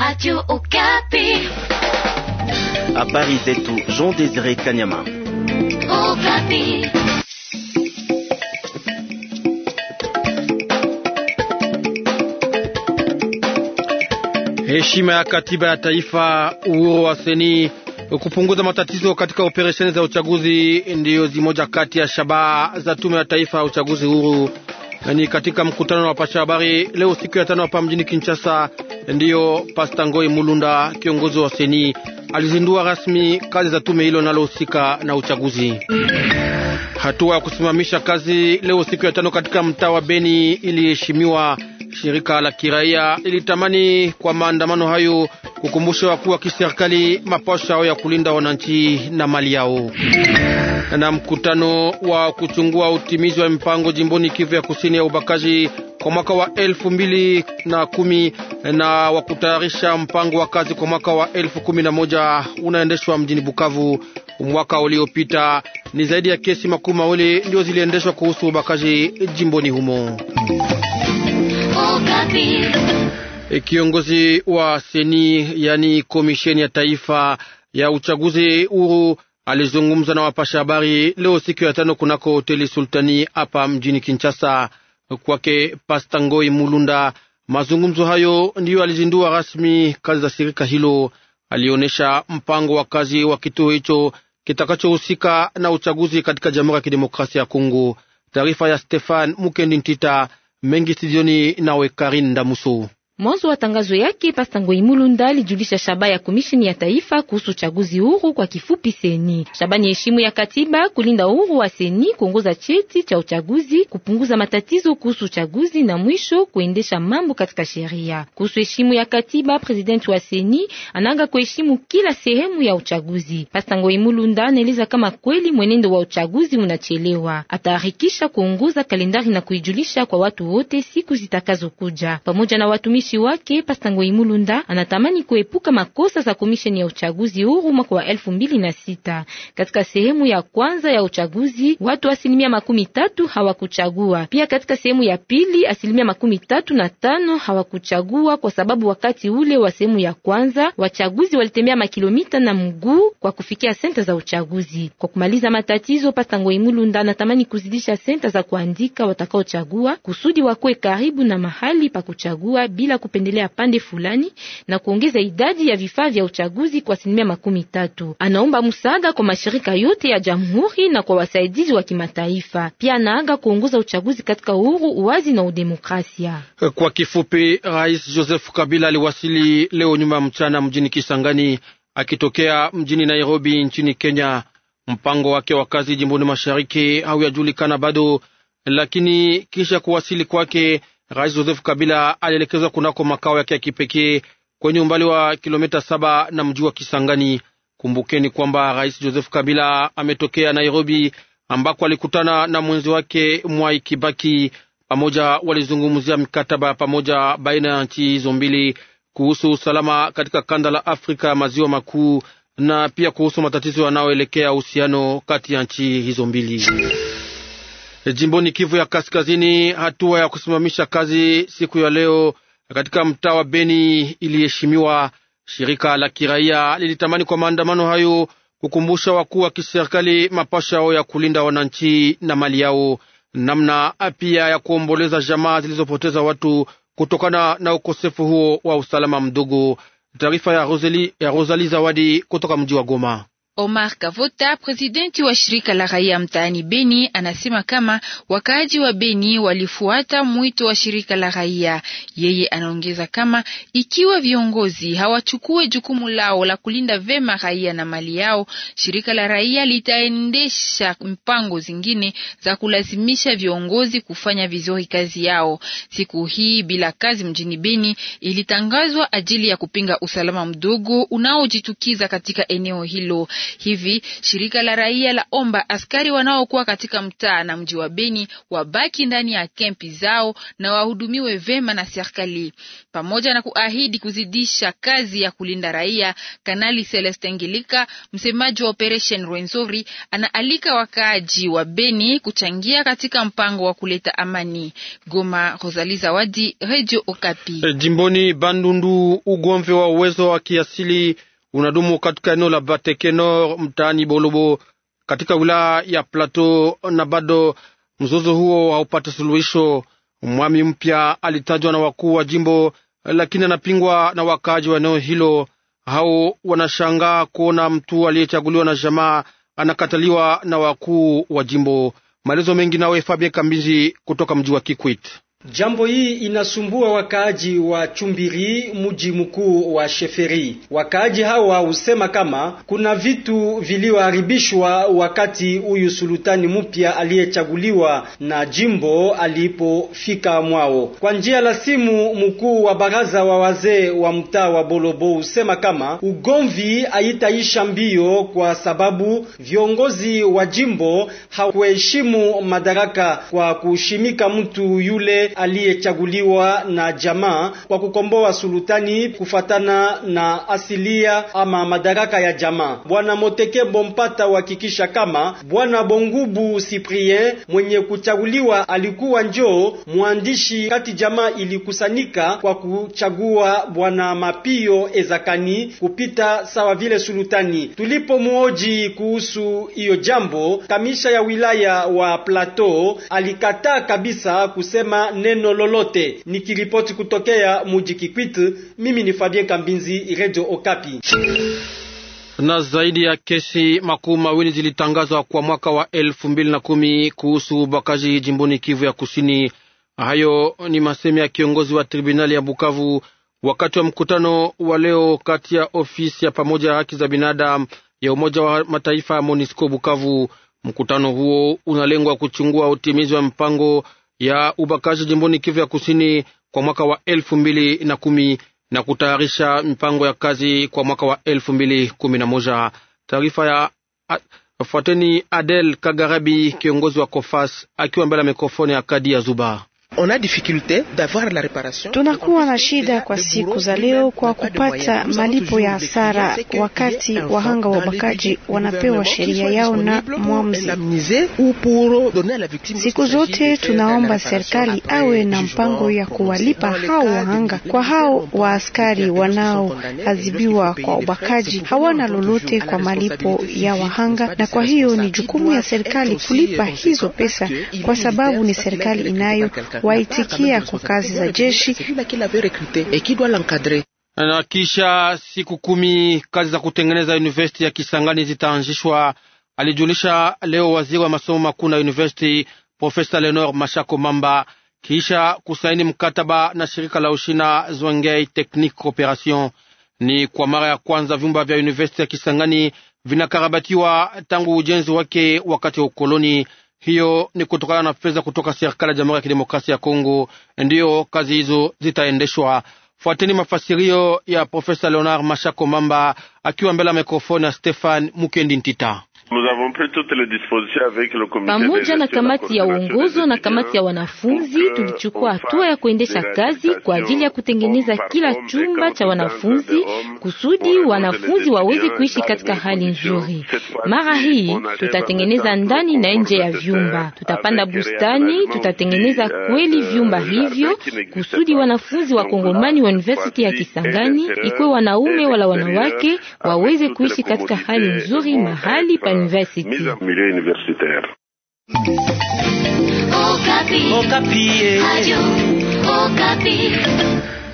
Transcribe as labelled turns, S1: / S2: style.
S1: Radio Okapi.
S2: Habari zetu Jean Désiré Kanyama. Okapi.
S3: Heshima ya katiba ya taifa, uhuru wa seni, kupunguza matatizo katika operesheni za uchaguzi ndiyo zimoja kati ya shabaha za tume ya taifa ya uchaguzi huru. Ni katika mkutano wa pasha habari leo siku ya tano hapa mjini Kinshasa Ndiyo Pasta Ngoi Mulunda, kiongozi wa seni, alizindua rasmi kazi za tume hilo linalohusika na uchaguzi. Hatua ya kusimamisha kazi leo siku ya tano katika mtaa wa Beni iliheshimiwa. Shirika la kiraia lilitamani kwa maandamano hayo kukumbusha wakuu wa kiserikali mapasha yao ya kulinda wananchi na mali yao. Na mkutano wa kuchungua utimizi wa mpango jimboni Kivu ya kusini ya ubakaji kwa mwaka wa elfu mbili na kumi na wa kutayarisha mpango wa kazi kwa mwaka wa elfu kumi na moja unaendeshwa mjini Bukavu. Mwaka uliopita ni zaidi ya kesi makumi mawili ndio ziliendeshwa kuhusu ubakaji jimboni humo. Eh, kiongozi wa seni yani komisheni ya taifa ya uchaguzi huru alizungumza na wapasha habari leo siku ya tano kunako hoteli Sultani hapa mjini Kinshasa. Kwake Pasta Ngoi Mulunda, mazungumzo hayo ndiyo alizindua rasmi kazi za shirika hilo. Alionyesha mpango wa kazi wa kituo hicho kitakachohusika na uchaguzi katika Jamhuri ya Kidemokrasia ya Kongo. Taarifa ya Stefan Mukendi Ntita mengi studioni nawe Karin Ndamusu.
S1: Mwanzo wa tangazo yake Pastango mulunda alijulisha shaba ya komisheni ya taifa kuhusu uchaguzi huru, kwa kifupi seni. Shabani eshimu ya katiba, kulinda uhuru wa seni, kuongoza cheti cha uchaguzi, kupunguza matatizo kuhusu uchaguzi na mwisho kuendesha mambo katika sheria. Kuhusu eshimu ya katiba, presidenti wa seni ananga kuheshimu kila sehemu ya uchaguzi. Pastango mulunda anaeleza kama kweli mwenendo wa uchaguzi unachelewa, ataharikisha kuongoza kalendari na kuijulisha kwa watu wote siku zitakazokuja pamoja na watumishi mtumishi wake Pasango Mulunda anatamani kuepuka makosa za komisheni ya uchaguzi huru mwaka wa elfu mbili na sita. Katika sehemu ya kwanza ya uchaguzi watu asilimia makumi tatu hawakuchagua. Pia katika sehemu ya pili asilimia makumi tatu na tano hawakuchagua kwa sababu wakati ule wa sehemu ya kwanza wachaguzi walitembea makilomita na mguu kwa kufikia senta za uchaguzi. Kwa kumaliza matatizo, pastangoi mulunda anatamani kuzidisha senta za kuandika watakaochagua kusudi wakwe karibu na mahali pa kuchagua bila wanaweza kupendelea pande fulani na kuongeza idadi ya vifaa vya uchaguzi kwa asilimia makumi tatu. Anaomba msaada kwa mashirika yote ya jamhuri na kwa wasaidizi wa kimataifa. Pia anaaga kuongoza uchaguzi katika uhuru, uwazi na udemokrasia.
S3: Kwa kifupi, Rais Joseph Kabila aliwasili leo nyuma mchana mjini Kisangani akitokea mjini Nairobi nchini Kenya. Mpango wake wa kazi jimboni mashariki hauyajulikana bado, lakini kisha kuwasili kwake Rais Joseph Kabila alielekezwa kunako makao yake ya kipekee kwenye umbali wa kilomita saba na mji wa Kisangani. Kumbukeni kwamba Rais Joseph Kabila ametokea Nairobi ambako alikutana na mwenzi wake Mwai Kibaki. Pamoja walizungumzia mkataba pamoja baina ya nchi hizo mbili kuhusu usalama katika kanda la Afrika ya maziwa makuu na pia kuhusu matatizo yanayoelekea uhusiano kati ya nchi hizo mbili. Jimboni Kivu ya Kaskazini, hatua ya kusimamisha kazi siku ya leo katika mtaa wa Beni iliheshimiwa. Shirika la kiraia lilitamani kwa maandamano hayo kukumbusha wakuu wa kiserikali mapasha yao ya kulinda wananchi na mali yao, namna pia ya kuomboleza jamaa zilizopoteza watu kutokana na ukosefu huo wa usalama mdogo. Taarifa ya Rosali, ya Rosali Zawadi kutoka mji wa Goma.
S4: Omar Kavota, presidenti wa shirika la raia mtaani Beni, anasema kama wakaaji wa Beni walifuata mwito wa shirika la raia. Yeye anaongeza kama ikiwa viongozi hawachukue jukumu lao la kulinda vema raia na mali yao, shirika la raia litaendesha mpango zingine za kulazimisha viongozi kufanya vizuri kazi yao. Siku hii bila kazi mjini Beni ilitangazwa ajili ya kupinga usalama mdogo unaojitukiza katika eneo hilo. Hivi shirika la raia la omba askari wanaokuwa katika mtaa na mji wa Beni wabaki ndani ya kempi zao na wahudumiwe vema na serikali, pamoja na kuahidi kuzidisha kazi ya kulinda raia. Kanali Celeste Ngilika, msemaji wa Operation Rwenzori, anaalika wakaaji wa Beni kuchangia katika mpango wa kuleta amani. Goma, Rosalie Zawadi, Radio Okapi.
S3: Eh, jimboni Bandundu, ugomvi wa uwezo wa kiasili unadumu katika eneo la Bateke Nord mtaani Bolobo katika wilaya ya Plateau, na bado mzozo huo haupate suluhisho. Mwami mpya alitajwa na wakuu wa jimbo, lakini anapingwa na wakaaji wa eneo hilo. Hao wanashangaa kuona mtu aliyechaguliwa na jamaa anakataliwa na wakuu wa jimbo. Maelezo mengi nawe Fabien Kambizi kutoka mji wa Kikwit. Jambo hii inasumbua wakaaji wa Chumbiri,
S2: mji mkuu wa Sheferi. Wakaaji hawa husema kama kuna vitu vilivyoharibishwa wakati huyu sultani mpya aliyechaguliwa na jimbo alipofika mwao. Kwa njia la simu, mkuu wa baraza wa wazee wa mtaa wa Bolobo husema kama ugomvi haitaisha mbio, kwa sababu viongozi wa jimbo hakuheshimu madaraka kwa kushimika mtu yule aliyechaguliwa na jamaa kwa kukomboa sultani kufatana na asilia ama madaraka ya jamaa. Bwana Moteke Bompata wakikisha kama Bwana Bongubu Cyprien mwenye kuchaguliwa alikuwa njoo mwandishi kati jamaa ilikusanyika kwa kuchagua Bwana Mapio Ezakani kupita sawa vile sultani. muoji kuhusu hiyo jambo, kamisha ya wilaya wa Plateau alikataa kabisa kusema neno lolote. Nikiripoti kutokea muji Kikwit, mimi ni Fabien Kambinzi, Radio Okapi.
S3: Na zaidi ya kesi makuu mawili zilitangazwa kwa mwaka wa elfu mbili na kumi kuhusu ubakaji jimboni Kivu ya Kusini. Hayo ni masemi ya kiongozi wa tribunali ya Bukavu wakati wa mkutano wa leo kati ya ofisi ya pamoja haki za binadamu ya Umoja wa Mataifa ya MONUSCO Bukavu. Mkutano huo unalengwa kuchungua utimizi wa mpango ya ubakaji jimboni Kivu ya Kusini kwa mwaka wa elfu mbili na kumi na kutayarisha mipango ya kazi kwa mwaka wa elfu mbili kumi na moja. Taarifa ya fuateni Adel Kagarabi, kiongozi wa Kofas, akiwa mbele ya mikrofoni ya Kadi ya Zuba.
S4: Tunakuwa na shida kwa siku za leo kwa kupata malipo ya hasara, wakati wahanga wa ubakaji wanapewa sheria yao na mwamuzi. Siku zote tunaomba serikali awe na mpango ya kuwalipa hao wahanga. Kwa hao wa askari wanaoadhibiwa kwa ubakaji, hawana lolote kwa malipo ya wahanga, na kwa hiyo ni jukumu ya serikali kulipa hizo pesa, kwa sababu ni serikali inayo waitikia kwa kazi za jeshi
S3: na kisha siku kumi kazi za kutengeneza university ya Kisangani zitaanzishwa, alijulisha leo waziri wa masomo makuu na university Profesa Lenor Mashako Mamba kisha kusaini mkataba na shirika la Ushina Zwengei Technique Cooperation. Ni kwa mara ya kwanza vyumba vya university ya Kisangani vinakarabatiwa tangu ujenzi wake wakati wa ukoloni. Hiyo ni kutokana na fedha kutoka serikali ya Jamhuri ya Kidemokrasia ya Kongo, ndiyo kazi hizo zitaendeshwa. Fuateni mafasirio ya Profesa Leonard Mashako Mamba akiwa mbele ya mikrofoni ya Stefan Mukendi Ntita.
S2: Pamoja na kamati ya
S1: uongozo na kamati ya wanafunzi, tulichukua hatua ya kuendesha kazi kwa ajili ya kutengeneza kila chumba cha wanafunzi kusudi wanafunzi waweze kuishi katika hali nzuri. Mara hii tutatengeneza ndani na nje ya vyumba, tutapanda bustani, tutatengeneza kweli vyumba hivyo kusudi wanafunzi wa Kongomani wa University ya Kisangani, ikwe wanaume wala wanawake, waweze kuishi katika hali nzuri mahali pa university.
S3: mise en milieu universitaire.
S2: Okapi. Okapi. Radio Okapi.